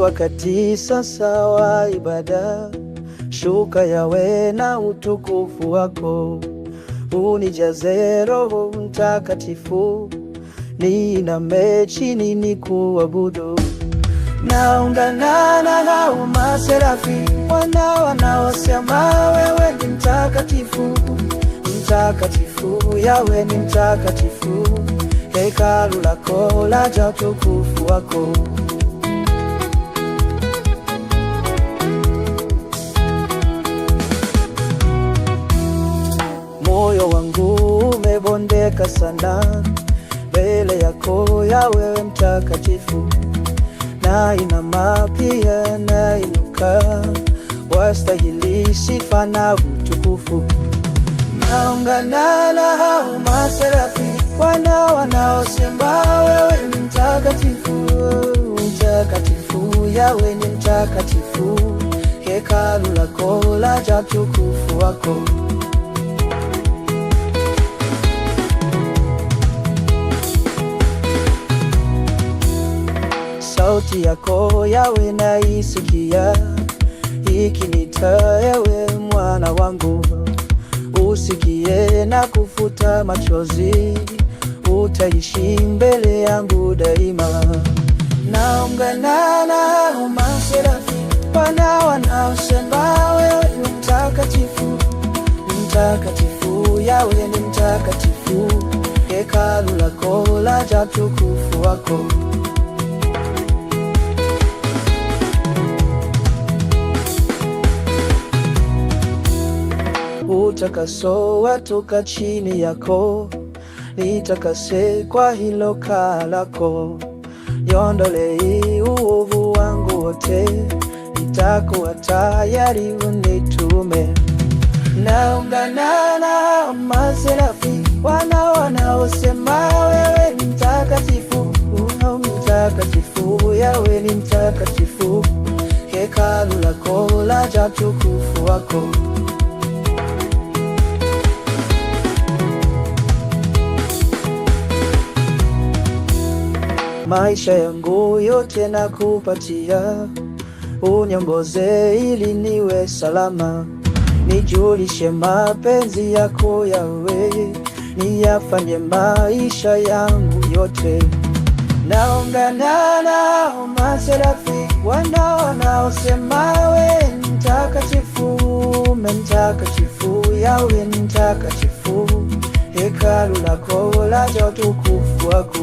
wakati sasa wa ibada, shuka yawe na utukufu wako, unijaze Roho Mtakatifu, niiname chini kuabudu. Naunganana na umaserafi wana wanaosema wewe ni mtakatifu, mtakatifu, yawe ni mtakatifu, hekalu lako laja utukufu wako nimeweka sana mbele yako ya wewe mtakatifu, na inama pia na inuka, wastahili sifa na utukufu. Naungana na hao maserafi wana wanaosema wewe ni mtakatifu, mtakatifu, yawe ni mtakatifu, hekalu lako lajaa jatukufu wako sauti yako yawe naisikia, ikiniita ewe mwana wangu, usikie na kufuta machozi, utaishi mbele yangu daima. Naungana nao maserafi, wana wanaosema wewe ni mtakatifu, mtakatifu, yawe ni mtakatifu, hekalu lako la ja wako nitakasowa toka chini yako, nitakase kwa hilo kalako, yondolei uovu wangu wote, nitakuwa tayari unitume. Naungana na maserafi wana wanaosema wewe ni mtakatifu, una mtakatifu, yawe ni mtakatifu, hekalu lako la jatukufu wako maisha yangu yote nakupatia, uniongoze ili niwe salama, nijulishe mapenzi yako yawe, niyafanye maisha yangu yote. Naungana nao maserafi wana wanaosema we mtakatifu, mtakatifu, yawe mtakatifu, hekalu lako laja utukufu wako